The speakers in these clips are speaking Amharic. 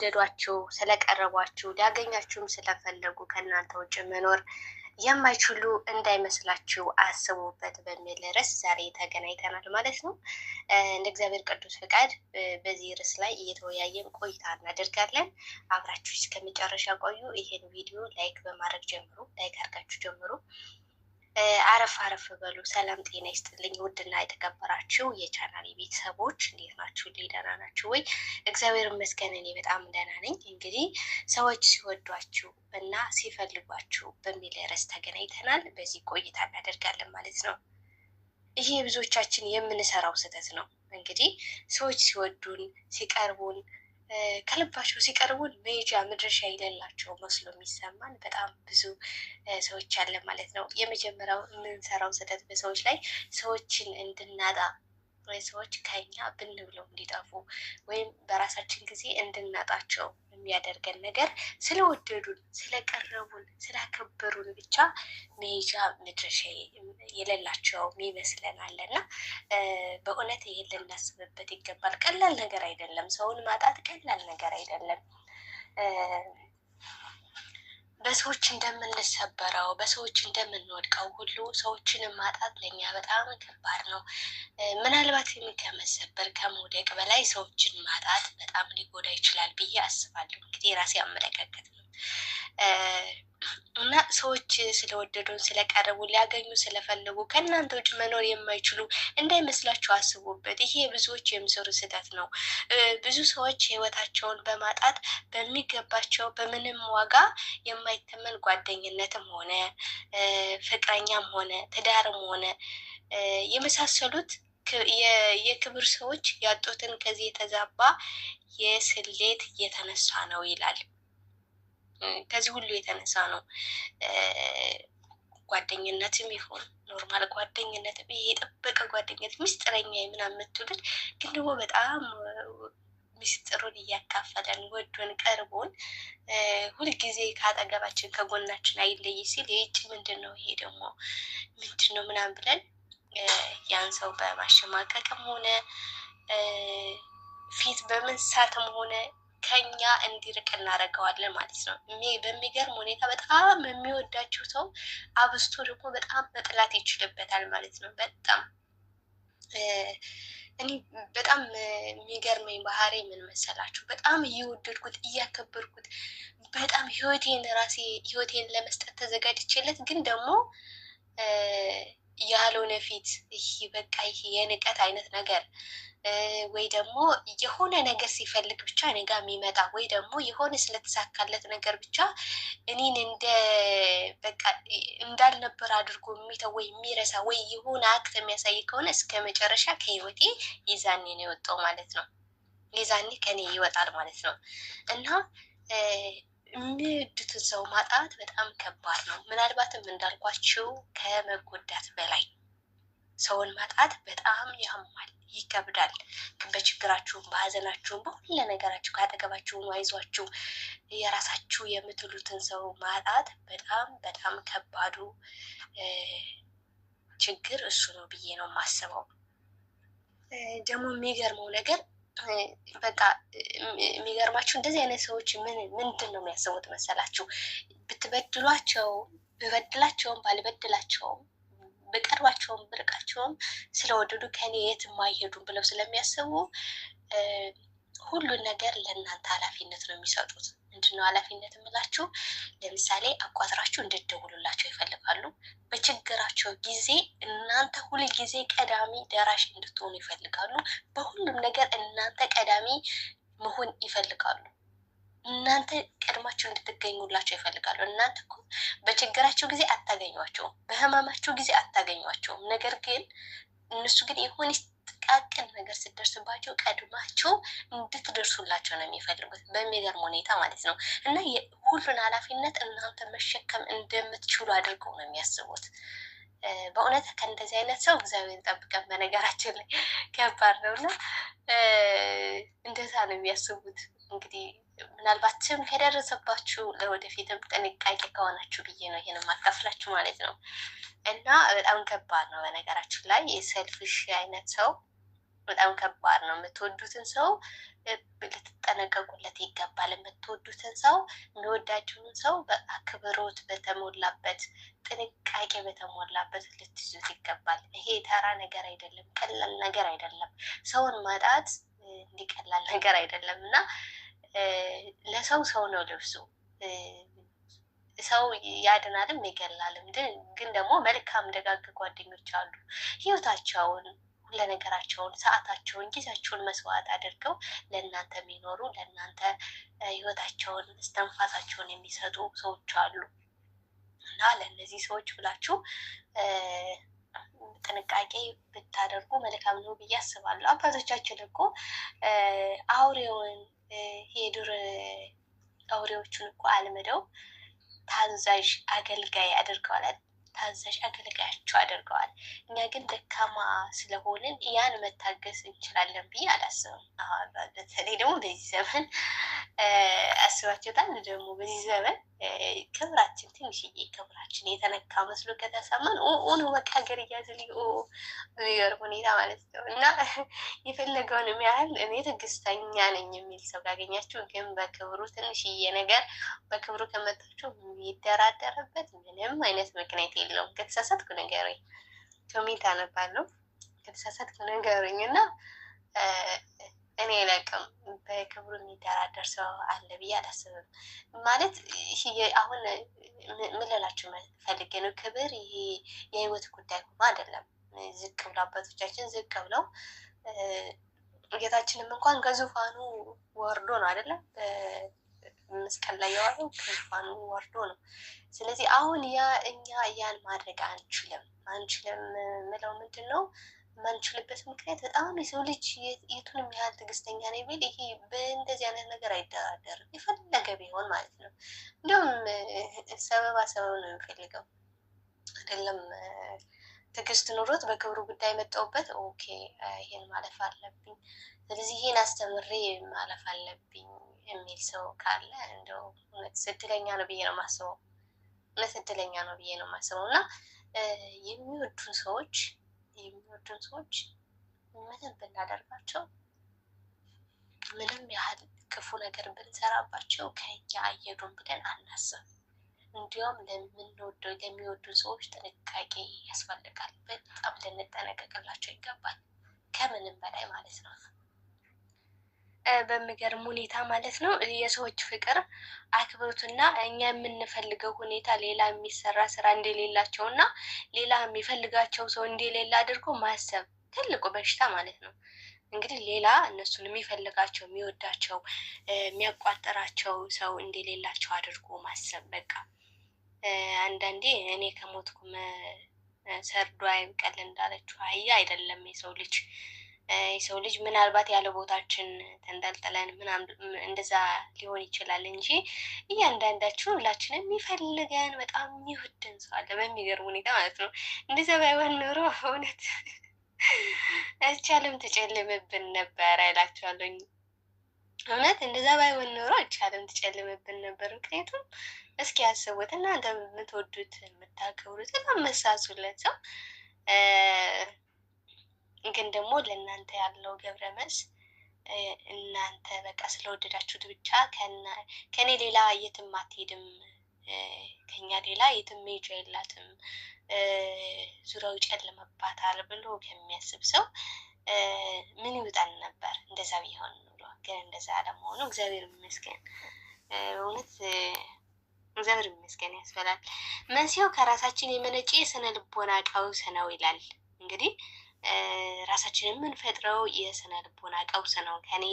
ስለወደዷችሁ ስለቀረቧችሁ ሊያገኛችሁም ስለፈለጉ ከእናንተ ውጭ መኖር የማይችሉ እንዳይመስላችሁ አስቡበት በሚል ርዕስ ዛሬ ተገናኝተናል ማለት ነው። እንደ እግዚአብሔር ቅዱስ ፍቃድ በዚህ ርዕስ ላይ እየተወያየን ቆይታ እናደርጋለን። አብራችሁ እስከመጨረሻ ቆዩ። ይሄን ቪዲዮ ላይክ በማድረግ ጀምሩ። ላይክ አድርጋችሁ ጀምሩ። አረፍ አረፍ በሉ። ሰላም ጤና ይስጥልኝ። ውድና የተከበራችሁ የቻናል ቤተሰቦች እንዴት ናችሁ? ደህና ናችሁ ወይ? እግዚአብሔር ይመስገን እኔ በጣም ደህና ነኝ። እንግዲህ ሰዎች ሲወዷችሁ እና ሲፈልጓችሁ በሚል ርዕስ ተገናኝተናል። በዚህ ቆይታ እናደርጋለን ማለት ነው። ይሄ ብዙዎቻችን የምንሰራው ስህተት ነው። እንግዲህ ሰዎች ሲወዱን ሲቀርቡን ከልባቸው ሲቀርቡን መሄጃ መድረሻ የሌላቸው መስሎ የሚሰማን በጣም ብዙ ሰዎች አለ ማለት ነው። የመጀመሪያው የምንሰራው ስህተት በሰዎች ላይ ሰዎችን እንድናጣ ሰዎች ከኛ ብን ብለው እንዲጠፉ ወይም በራሳችን ጊዜ እንድናጣቸው የሚያደርገን ነገር ስለወደዱን፣ ስለቀረቡን፣ ስላከበሩን ብቻ መሄጃ መድረሻ የሌላቸው ይመስለናል እና በእውነት ይሄን ልናስብበት ይገባል። ቀላል ነገር አይደለም። ሰውን ማጣት ቀላል ነገር አይደለም። በሰዎች እንደምንሰበረው በሰዎች እንደምንወድቀው ሁሉ ሰዎችንም ማጣት ለኛ በጣም ከባድ ነው። ምናልባት ከመሰበር ከመውደቅ በላይ ሰዎችን ማጣት በጣም ሊጎዳ ይችላል ብዬ አስባለሁ። እንግዲህ የራሴ አመለካከት ነው። እና ሰዎች ስለወደዱን ስለቀረቡ ሊያገኙ ስለፈለጉ ከእናንተ ውጭ መኖር የማይችሉ እንዳይመስላችሁ አስቡበት። ይሄ ብዙዎች የሚሰሩ ስህተት ነው። ብዙ ሰዎች ህይወታቸውን በማጣት በሚገባቸው በምንም ዋጋ የማይተመን ጓደኝነትም ሆነ ፍቅረኛም ሆነ ትዳርም ሆነ የመሳሰሉት የክብር ሰዎች ያጡትን ከዚህ የተዛባ የስሌት እየተነሳ ነው ይላል። ከዚህ ሁሉ የተነሳ ነው ጓደኝነትም ይሁን ኖርማል ጓደኝነት የጠበቀ ጓደኝነት ሚስጥረኛ ምናምን የምትውልን ግን ደግሞ በጣም ሚስጥሩን እያካፈለን ወዶን ቀርቦን ሁልጊዜ ከአጠገባችን ከጎናችን አይለይ ሲል ይህጭ ምንድን ነው ይሄ ደግሞ ምንድን ነው ምናምን ብለን ያን ሰው በማሸማቀቅም ሆነ ፊት በመንሳትም ሆነ ከኛ እንዲርቅ እናደርገዋለን ማለት ነው። በሚገርም ሁኔታ በጣም የሚወዳችው ሰው አብስቶ ደግሞ በጣም መጥላት ይችልበታል ማለት ነው። በጣም እኔ በጣም የሚገርመኝ ባህሪ ምን መሰላችሁ? በጣም እየወደድኩት እያከበርኩት በጣም ህይወቴን ራሴ ህይወቴን ለመስጠት ተዘጋጅቼለት ግን ደግሞ ያልሆነ ፊት ይህ በቃ ይህ የንቀት አይነት ነገር ወይ ደግሞ የሆነ ነገር ሲፈልግ ብቻ እኔ ጋር የሚመጣ ወይ ደግሞ የሆነ ስለተሳካለት ነገር ብቻ እኔን እንደ በቃ እንዳልነበር አድርጎ የሚተው ወይ የሚረሳ ወይ የሆነ አክት የሚያሳይ ከሆነ እስከ መጨረሻ ከህይወቴ ይዛኔ ነው የወጣው ማለት ነው። ይዛኔ ከኔ ይወጣል ማለት ነው እና ንግድ ሰው ማጣት በጣም ከባድ ነው። ምናልባትም እንዳልኳቸው ከመጎዳት በላይ ሰውን ማጣት በጣም ያማል፣ ይከብዳል። ግን በችግራችሁም በሀዘናችሁም በሁሉ ነገራችሁ ካጠገባችሁ አይዟችሁ የራሳችሁ የምትሉትን ሰው ማጣት በጣም በጣም ከባዱ ችግር እሱ ነው ብዬ ነው የማስበው። ደግሞ የሚገርመው ነገር በቃ የሚገርማችሁ እንደዚህ አይነት ሰዎች ምን ምንድን ነው የሚያስቡት መሰላችሁ? ብትበድሏቸው ብበድላቸውም ባልበድላቸውም ብቀርባቸውም ብርቃቸውም ስለወደዱ ከኔ የትም አይሄዱም ብለው ስለሚያስቡ ሁሉን ነገር ለእናንተ ኃላፊነት ነው የሚሰጡት። ምንድነው ኃላፊነት የምላችሁ? ለምሳሌ አቋጥራችሁ እንድደውሉላቸው ይፈልጋሉ። በችግራቸው ጊዜ እናንተ ሁል ጊዜ ቀዳሚ ደራሽ እንድትሆኑ ይፈልጋሉ። በሁሉም ነገር እናንተ ቀዳሚ መሆን ይፈልጋሉ። እናንተ ቀድማቸው እንድትገኙላቸው ይፈልጋሉ። እናንተ እኮ በችግራቸው ጊዜ አታገኟቸውም፣ በህመማቸው ጊዜ አታገኟቸውም። ነገር ግን እነሱ ግን የሆነች ጥቃቅን ነገር ስደርስባቸው ቀድማቸው እንድትደርሱላቸው ነው የሚፈልጉት፣ በሚገርም ሁኔታ ማለት ነው። እና ሁሉን ኃላፊነት እናንተ መሸከም እንደምትችሉ አድርገው ነው የሚያስቡት። በእውነት ከእንደዚህ አይነት ሰው እግዚአብሔር ጠብቀን። በነገራችን ላይ ከባድ ነው እና እንደዛ ነው የሚያስቡት እንግዲህ ምናልባትም ከደረሰባችሁ ለወደፊትም ጥንቃቄ ከሆናችሁ ብዬ ነው ይህን ማካፍላችሁ ማለት ነው። እና በጣም ከባድ ነው። በነገራችን ላይ የሰልፍሽ አይነት ሰው በጣም ከባድ ነው። የምትወዱትን ሰው ልትጠነቀቁለት ይገባል። የምትወዱትን ሰው የሚወዳችሁን ሰው አክብሮት በተሞላበት ጥንቃቄ በተሞላበት ልትይዙት ይገባል። ይሄ ተራ ነገር አይደለም፣ ቀላል ነገር አይደለም። ሰውን ማጣት እንዲቀላል ነገር አይደለም እና ለሰው ሰው ነው ልብሱ። ሰው ያድናልም ይገላልም። ግን ደግሞ መልካም ደጋግ ጓደኞች አሉ ህይወታቸውን ሁለነገራቸውን፣ ሰዓታቸውን፣ ጊዜያቸውን መስዋዕት አድርገው ለእናንተ የሚኖሩ ለእናንተ ህይወታቸውን እስትንፋሳቸውን የሚሰጡ ሰዎች አሉ እና ለእነዚህ ሰዎች ብላችሁ ጥንቃቄ ብታደርጉ መልካም ነው ብዬ አስባለሁ። አባቶቻችን እኮ አውሬውን የዱር አውሬዎቹን እኮ አልምደው ታዛዥ አገልጋይ አድርገዋል። ታዛዥ አገልጋያቸው አድርገዋል። እኛ ግን ደካማ ስለሆንን ያን መታገስ እንችላለን ብዬ አላስብም። በተለይ ደግሞ በዚህ ዘመን አስባችሁታል። ደግሞ በዚህ ዘመን ክብራችን ትንሽዬ ክብራችን የተነካ መስሎ ከተሰማን ኦኑ በቃ ሀገር እያዝል ር ሁኔታ ማለት ነው እና የፈለገውንም ያህል እኔ ትግስተኛ ነኝ የሚል ሰው ካገኛችሁ ግን በክብሩ ትንሽዬ ነገር በክብሩ ከመጣችሁ የሚደራደርበት ምንም አይነት ምክንያት የለውም። ከተሳሳትኩ ንገረኝ፣ ኮሜንት አነባለሁ። ከተሳሳትኩ ንገረኝ እና እኔ ለቅም በክብሩ የሚደራደር ሰው አለ ብዬ አላስብም። ማለት አሁን ምንላችሁ ፈልጌ ነው፣ ክብር ይሄ የህይወት ጉዳይ ሆኖ አይደለም። ዝቅ ብለው አባቶቻችን ዝቅ ብለው ጌታችንም እንኳን ከዙፋኑ ወርዶ ነው አይደለም መስቀል ላይ የዋለው ከዙፋኑ ወርዶ ነው። ስለዚህ አሁን ያ እኛ ያን ማድረግ አንችልም አንችልም ምለው ምንድን ነው የማንችልበት ምክንያት በጣም የሰው ልጅ የቱንም ያህል ትዕግስተኛ ነው የሚል ይሄ በእንደዚህ አይነት ነገር አይደራደርም። የፈለገ ቢሆን ማለት ነው። እንዲሁም ሰበባ ሰበብ ነው የሚፈልገው አይደለም ትዕግስት ኑሮት በክብሩ ጉዳይ መጣውበት ኦኬ፣ ይሄን ማለፍ አለብኝ፣ ስለዚህ ይሄን አስተምሬ ማለፍ አለብኝ የሚል ሰው ካለ እንደው እድለኛ ነው ብዬ ነው ማስበው። እውነት እድለኛ ነው ብዬ ነው ማስበው እና የሚወዱን ሰዎች የሚወዱን ሰዎች ምንም ብናደርጋቸው ምንም ያህል ክፉ ነገር ብንሰራባቸው ከኛ አየዱን ብለን አናስብ። እንዲሁም ለምንወደው ለሚወዱ ሰዎች ጥንቃቄ ያስፈልጋል። በጣም ልንጠነቀቅላቸው ይገባል፣ ከምንም በላይ ማለት ነው። በሚገርም ሁኔታ ማለት ነው የሰዎች ፍቅር አክብሮትና እኛ የምንፈልገው ሁኔታ ሌላ የሚሰራ ስራ እንደሌላቸው እና ሌላ የሚፈልጋቸው ሰው እንደሌላ አድርጎ ማሰብ ትልቁ በሽታ ማለት ነው። እንግዲህ ሌላ እነሱን የሚፈልጋቸው የሚወዳቸው የሚያቋጥራቸው ሰው እንደሌላቸው አድርጎ ማሰብ በቃ አንዳንዴ እኔ ኩመ ሰርዶ አይብቀል እንዳለችው አህያ አይደለም የሰው ልጅ የሰው ልጅ ምናልባት ያለ ቦታችን ተንጠልጥለን እንደዛ ሊሆን ይችላል እንጂ እያንዳንዳችን ሁላችን የሚፈልገን በጣም የሚወደን ሰው አለ። በሚገርም ሁኔታ ማለት ነው። እንደዛ ባይሆን ኖሮ እውነት አይቻልም ትጨልምብን ነበረ እላችኋለሁ። እውነት እንደዛ ባይሆን ኖሮ አይቻልም ትጨልምብን ነበር ምክንያቱም እስኪ ያስቡት እናንተ የምትወዱት የምታከብሩት የምትመሳሱለት ሰው ግን ደግሞ ለእናንተ ያለው ገብረ መልስ እናንተ በቃ ስለወደዳችሁት ብቻ ከእኔ ሌላ የትም አትሄድም፣ ከኛ ሌላ የትም ሜጃ የላትም፣ ዙሪያው ጨልመባታል ብሎ ከሚያስብ ሰው ምን ይውጣል ነበር እንደዛ ቢሆን ብሎ ግን እንደዛ ለመሆኑ እግዚአብሔር ይመስገን እውነት እግዚአብሔር ይመስገን ያስበላል። መንስኤው ከራሳችን የመነጨ የስነ ልቦና ቀውስ ነው ይላል። እንግዲህ ራሳችን የምንፈጥረው የስነ ልቦና ቀውስ ነው። ከኔ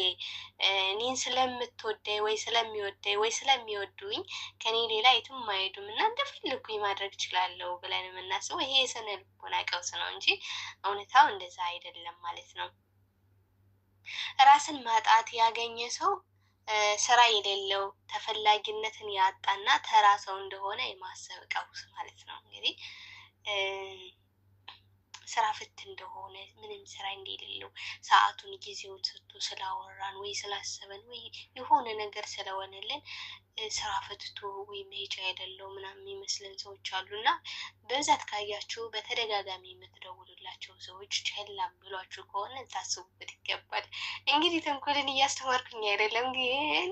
እኔን ስለምትወደኝ ወይ ስለሚወደኝ ወይ ስለሚወዱኝ ከኔ ሌላ የትም አይሄዱም እና እንደፈለኩኝ ማድረግ እችላለሁ ብለን የምናስበው ይሄ የስነ ልቦና ቀውስ ነው እንጂ እውነታው እንደዛ አይደለም ማለት ነው። ራስን ማጣት ያገኘ ሰው ስራ የሌለው ተፈላጊነትን ያጣና ተራ ሰው እንደሆነ የማሰብ ቀውስ ማለት ነው እንግዲህ ስራ ፍት እንደሆነ ምንም ስራ እንደሌለው ሰዓቱን ጊዜውን ሰጥቶ ስላወራን ወይ ስላሰበን ወይ የሆነ ነገር ስለሆነልን ስራ ፈትቶ ወይ መሄጃ የሌለው ምናምን ይመስለን ሰዎች አሉ እና በብዛት ካያችሁ በተደጋጋሚ የምትደውሉላቸው ሰዎች ቸላ ብሏችሁ ከሆነ ልታስቡበት ይገባል። እንግዲህ ተንኮልን እያስተማርኩኝ አይደለም ግን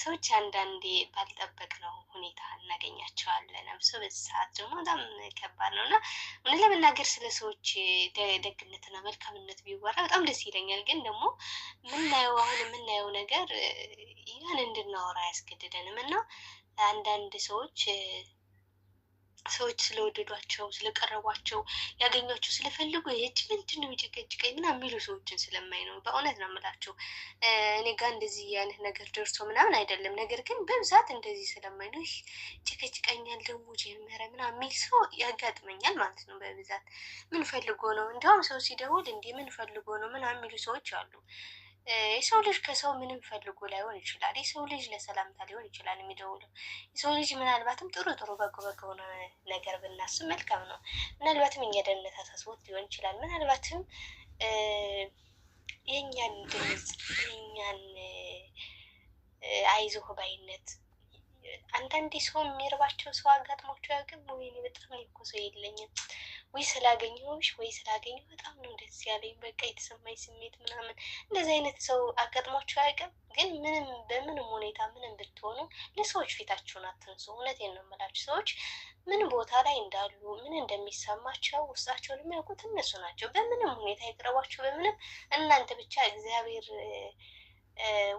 ሰዎች አንዳንዴ ባልጠበቅነው ሁኔታ እናገኛቸዋለን። አብሶ በዚህ ሰዓት ደግሞ በጣም ከባድ ነው እና ምን ለመናገር ስለ ሰዎች ደግነትና መልካምነት ቢወራ በጣም ደስ ይለኛል። ግን ደግሞ ምናየው አሁን የምናየው ነገር ያን እንድናወራ አያስገድደንም እና አንዳንድ ሰዎች ሰዎች ስለወደዷቸው ስለቀረቧቸው ያገኟቸው ስለፈልጉ የእጅ ምንድን ነው የሚጨቀጭቀኝ ምናምን የሚሉ ሰዎችን ስለማይ ነው። በእውነት ነው የምላቸው። እኔ ጋር እንደዚህ አይነት ነገር ደርሶ ምናምን አይደለም። ነገር ግን በብዛት እንደዚህ ስለማይ ነው። ይህ ጭቀጭቀኛል ደግሞ ጀመረ ምናምን የሚል ሰው ያጋጥመኛል ማለት ነው በብዛት። ምን ፈልጎ ነው እንዲሁም ሰው ሲደውል እንዲህ ምን ፈልጎ ነው ምናምን የሚሉ ሰዎች አሉ። የሰው ልጅ ከሰው ምንም ፈልጎ ላይሆን ይችላል። የሰው ልጅ ለሰላምታ ሊሆን ይችላል የሚደውለው። የሰው ልጅ ምናልባትም ጥሩ ጥሩ በጎ በጎ ነገር ብናስብ መልካም ነው። ምናልባትም እኛ ደህንነት አሳስቦት ሊሆን ይችላል። ምናልባትም የእኛን ድምፅ የእኛን አይዞህ ባይነት አንዳንዴ ሰው የሚርባቸው ሰው አጋጥሟቸው ያውቅም። ወይኔ በጣም እኮ ሰው የለኝም ወይ ስላገኘሁሽ ወይ ስላገኘሁ በጣም ነው ደስ ያለኝ፣ በቃ የተሰማኝ ስሜት ምናምን። እንደዚህ አይነት ሰው አጋጥሟችሁ አያውቅም? ግን ምንም በምንም ሁኔታ ምንም ብትሆኑ ለሰዎች ፊታችሁን አትንሱ። እውነቴን ነው የምላችሁ። ሰዎች ምን ቦታ ላይ እንዳሉ ምን እንደሚሰማቸው ውስጣቸውን የሚያውቁት እነሱ ናቸው። በምንም ሁኔታ ይቅረቧችሁ፣ በምንም እናንተ ብቻ እግዚአብሔር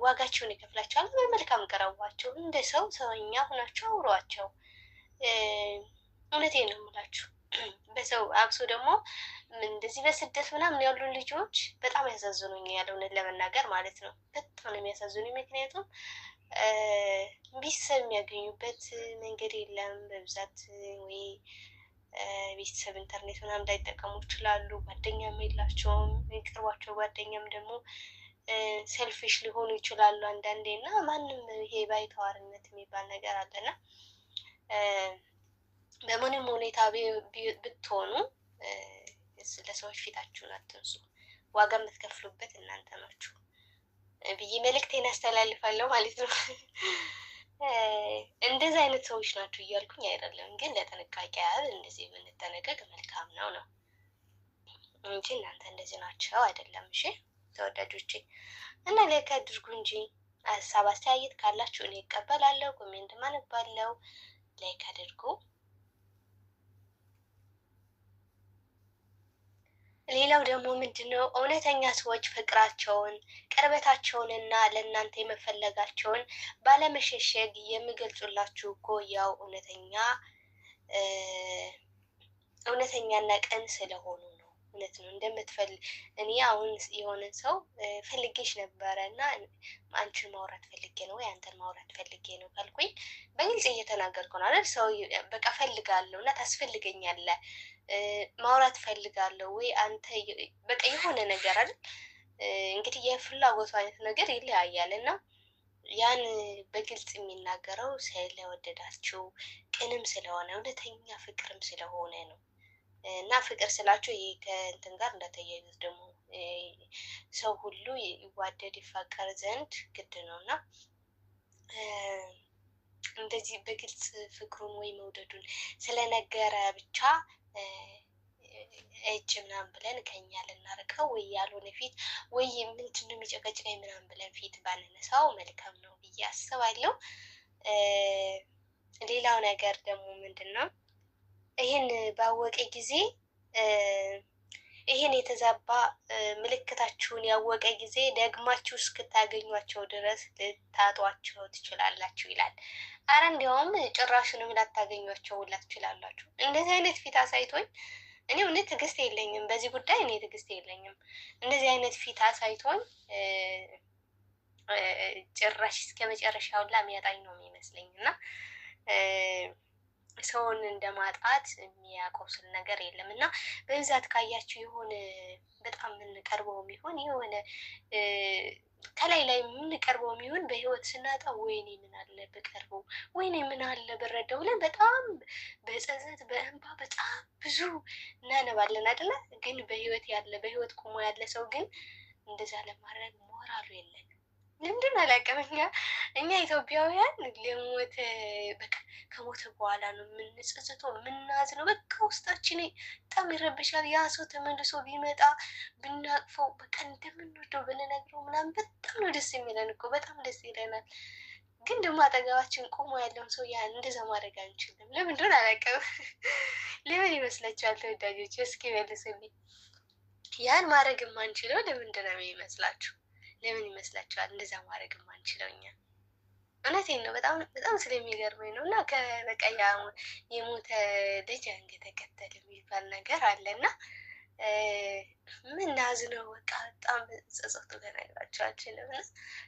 ዋጋቸውን ይከፍላቸዋል። በመልካም ቀረቧቸው፣ እንደ ሰው ሰውኛ ሁናቸው አውሯቸው። እውነቴን ነው የምላችሁ። በሰው አብሶ ደግሞ እንደዚህ በስደት ምናምን ያሉ ልጆች በጣም ያሳዝኑኝ፣ ያለውን ለመናገር ማለት ነው። በጣም ነው የሚያሳዝኑኝ። ምክንያቱም ቤተሰብ የሚያገኙበት መንገድ የለም በብዛት ወይ ቤተሰብ ኢንተርኔት ምናምን እንዳይጠቀሙ ይችላሉ። ጓደኛም የላቸውም። የሚቀርቧቸው ጓደኛም ደግሞ ሰልፊሽ ሊሆኑ ይችላሉ አንዳንዴ እና ማንም ይሄ ባይተዋርነት የሚባል ነገር አለና ሁኔታ ብትሆኑ ለሰዎች ፊታችሁን አትንሱ። ዋጋ የምትከፍሉበት እናንተ ናችሁ ብዬ መልእክቴን አስተላልፋለሁ ማለት ነው። እንደዚህ አይነት ሰዎች ናቸው እያልኩኝ አይደለም፣ ግን ለጥንቃቄ ያህል እንደዚህ የምንጠነቀቅ መልካም ነው ነው እንጂ እናንተ እንደዚህ ናቸው አይደለም። እሺ ተወዳጆቼ እና ላይክ አድርጉ እንጂ ሀሳብ አስተያየት ካላችሁ እኔ እቀበላለሁ፣ ኮሜንት ማነባለው። ላይክ አድርጉ። ሌላው ደግሞ ምንድን ነው እውነተኛ ሰዎች ፍቅራቸውን ቅርበታቸውንና ለእናንተ የመፈለጋቸውን ባለመሸሸግ የሚገልጹላችሁ እኮ ያው እውነተኛ እውነተኛና ቀን ስለሆኑ ነው። እውነት ነው እንደምትፈል እኔ አሁን የሆነን ሰው ፈልጌሽ ነበረ እና አንቺን ማውራት ፈልጌ ነው ወይ አንተን ማውራት ፈልጌ ነው ካልኩኝ በግልጽ እየተናገርኩ ነው አይደል? ሰው በቃ ፈልጋለሁ እና ታስፈልገኛለህ ማውራት ፈልጋለሁ ወይ አንተ በቃ የሆነ ነገር አይደል እንግዲህ የፍላጎቱ አይነት ነገር ይለያያል እና ያን በግልጽ የሚናገረው ስለወደዳችው ቅንም ስለሆነ እውነተኛ ፍቅርም ስለሆነ ነው። እና ፍቅር ስላችሁ ይህ ከእንትን ጋር እንደተያይዙት ደግሞ ሰው ሁሉ ይዋደድ ይፋቀር ዘንድ ግድ ነው እና እንደዚህ በግልጽ ፍቅሩን ወይ መውደዱን ስለነገረ ብቻ እጅ ምናምን ብለን ከኛ ልናርቀው ወይ ያልሆነ ፊት ወይ ምንድን የሚጨቀጭቀኝ ምናምን ብለን ፊት ባንነሳው መልካም ነው ብዬ አስባለሁ። ሌላው ነገር ደግሞ ምንድን ነው ይህን ባወቀ ጊዜ ይህን የተዛባ ምልክታችሁን ያወቀ ጊዜ ደግማችሁ እስክታገኟቸው ድረስ ልታጧቸው ትችላላችሁ ይላል። አረ እንዲያውም ጭራሹንም ላታገኟቸው ላ ትችላላችሁ። እንደዚህ አይነት ፊት አሳይቶኝ እኔ እውነት ትዕግስት የለኝም። በዚህ ጉዳይ እኔ ትዕግስት የለኝም። እንደዚህ አይነት ፊት አሳይቶኝ ጭራሽ እስከ መጨረሻ ሁላ የሚያጣኝ ነው የሚመስለኝ እና ሰውን እንደማጣት የሚያቆስል ነገር የለም እና በብዛት ካያችሁ የሆነ በጣም የምንቀርበው የሚሆን የሆነ ከላይ ላይ የምንቀርበው የሚሆን በህይወት ስናጣ ወይኔ ምን አለ ብቀርበው፣ ወይኔ ምን አለ ብረዳው ብለን በጣም በጸጸት በእንባ በጣም ብዙ እናነባለን አይደለ? ግን በህይወት ያለ በህይወት ቁሞ ያለ ሰው ግን እንደዛ ለማድረግ ሞራሉ የለን። ምንድን አላውቅም። እኛ እኛ ኢትዮጵያውያን ለሞተ በቃ ከሞተ በኋላ ነው የምንጸጽተው የምናዝነው። በቃ ውስጣችን በጣም ይረብሻል። ያ ሰው ተመልሶ ቢመጣ ብናቅፈው በቃ እንደምንወደው ብንነግረው ምናምን በጣም ነው ደስ የሚለን እኮ በጣም ደስ ይለናል። ግን ደግሞ አጠገባችን ቆሞ ያለውን ሰው ያ እንደዛ ማድረግ አንችልም። ለምንድን አላውቅም። ለምን ይመስላችኋል ተወዳጆች? እስኪ መልስልኝ። ያን ማድረግ የማንችለው ለምንድን ነው ይመስላችሁ? ለምን ይመስላችኋል እንደዛ ማድረግ የማንችለው እኛ? እውነቴን ነው። በጣም በጣም ስለሚገርመኝ ነው። እና ከበቃ የሞተ ልጅ አንገተ የሚባል ነገር አለ እና ምናዝ ነው በቃ በጣም ጸጸቱ ልነግራችሁ አልችልም።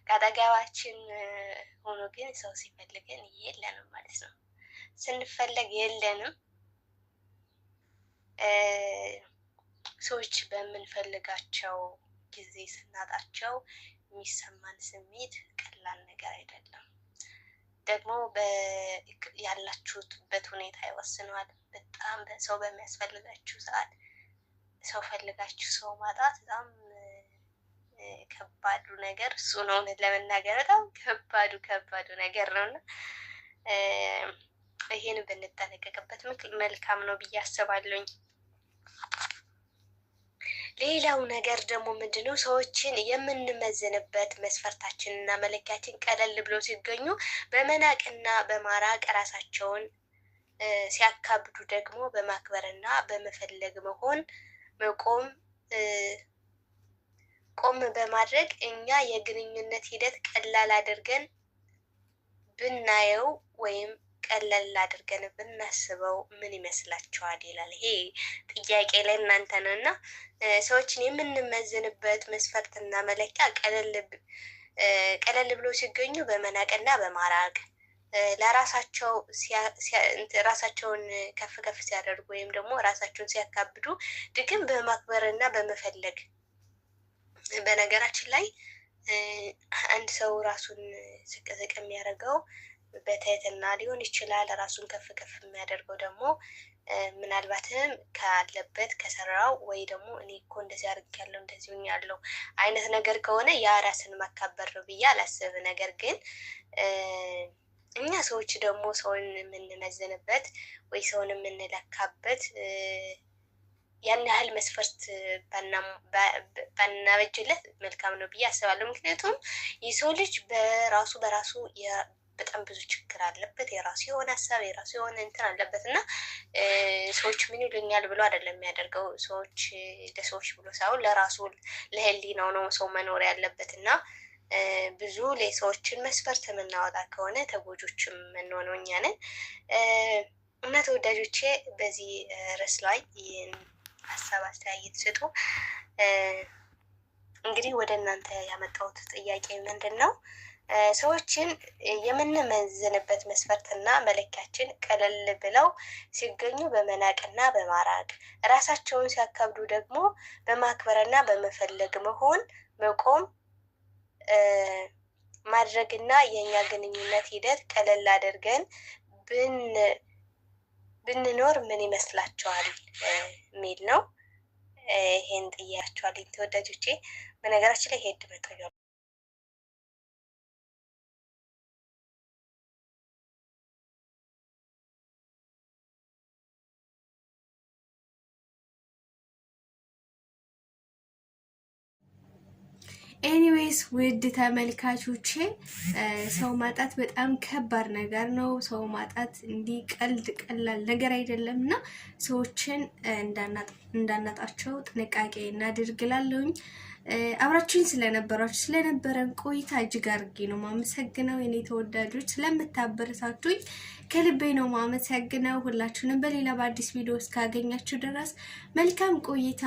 ከአጠገባችን ሆኖ ግን ሰው ሲፈልገን የለንም ማለት ነው። ስንፈለግ የለንም። ሰዎች በምንፈልጋቸው ጊዜ ስናጣቸው የሚሰማን ስሜት ቀላል ነገር አይደለም። ደግሞ ያላችሁበት ሁኔታ ይወስነዋል። በጣም ሰው በሚያስፈልጋችሁ ሰዓት ሰው ፈልጋችሁ ሰው ማጣት በጣም ከባዱ ነገር እሱ ነው። ለመናገር በጣም ከባዱ ከባዱ ነገር ነው እና ይሄን ብንጠነቀቅበት መልካም ነው ብዬ አስባለሁኝ። ሌላው ነገር ደግሞ ምንድነው ሰዎችን የምንመዝንበት መስፈርታችንና መለኪያችን ቀለል ብሎ ሲገኙ በመናቅና በማራቅ ራሳቸውን ሲያካብዱ ደግሞ በማክበርና በመፈለግ መሆን መቆም ቆም በማድረግ እኛ የግንኙነት ሂደት ቀላል አድርገን ብናየው ወይም ቀለል አድርገን ብናስበው ምን ይመስላችኋል? ይላል። ይሄ ጥያቄ እናንተ ነው እና ሰዎችን የምንመዝንበት መስፈርትና መለኪያ ቀለል ብሎ ሲገኙ በመናቅና በማራቅ ለራሳቸው ራሳቸውን ከፍ ከፍ ሲያደርጉ ወይም ደግሞ ራሳቸውን ሲያካብዱ ድግም በማክበር በመፈለግ። በነገራችን ላይ አንድ ሰው ራሱን ዝቅ ዝቅ የሚያደርገው በትህትና ሊሆን ይችላል። ራሱን ከፍ ከፍ የሚያደርገው ደግሞ ምናልባትም ካለበት ከሰራው ወይ ደግሞ እኔ እኮ እንደዚህ አድርጌያለሁ እንደዚህ ያለው አይነት ነገር ከሆነ ያ ራስን ማካበር ነው ብዬ አላስብ። ነገር ግን እኛ ሰዎች ደግሞ ሰውን የምንመዝንበት ወይ ሰውን የምንለካበት ያን ያህል መስፈርት ባናበጅለት መልካም ነው ብዬ አስባለሁ። ምክንያቱም የሰው ልጅ በራሱ በራሱ በጣም ብዙ ችግር አለበት። የራሱ የሆነ ሀሳብ የራሱ የሆነ እንትን አለበት እና ሰዎች ምን ይሉኛል ብሎ አይደለም የሚያደርገው። ሰዎች ለሰዎች ብሎ ሳይሆን ለራሱ ለህሊናው ነው ሰው መኖር ያለበት እና ብዙ ሰዎችን መስፈርት የምናወጣ ከሆነ ተጎጆችም የምንሆነው እኛ ነን እና ተወዳጆቼ በዚህ ርዕስ ላይ ይህን ሀሳብ አስተያየት ስጡ። እንግዲህ ወደ እናንተ ያመጣሁት ጥያቄ ምንድን ነው? ሰዎችን የምንመዝንበት መስፈርትና መለኪያችን ቀለል ብለው ሲገኙ በመናቅና በማራቅ ራሳቸውን ሲያካብዱ ደግሞ በማክበርና በመፈለግ መሆን መቆም ማድረግና የእኛ ግንኙነት ሂደት ቀለል አድርገን ብንኖር ምን ይመስላችኋል? የሚል ነው። ይሄን ጥያቸዋል ተወዳጆቼ። በነገራችን ላይ ሄድ መጠ ኤኒዌይስ ውድ ተመልካቾቼ ሰው ማጣት በጣም ከባድ ነገር ነው። ሰው ማጣት እንዲህ ቀልድ ቀላል ነገር አይደለም እና ሰዎችን እንዳናጣቸው ጥንቃቄ እናድርግላለሁኝ። አብራችሁኝ ስለነበራችሁ ስለነበረን ቆይታ እጅግ አድርጌ ነው ማመሰግነው። የኔ ተወዳጆች ስለምታበረታቱኝ ከልቤ ነው ማመሰግነው። ሁላችሁንም በሌላ በአዲስ ቪዲዮ እስካገኛችሁ ድረስ መልካም ቆይታ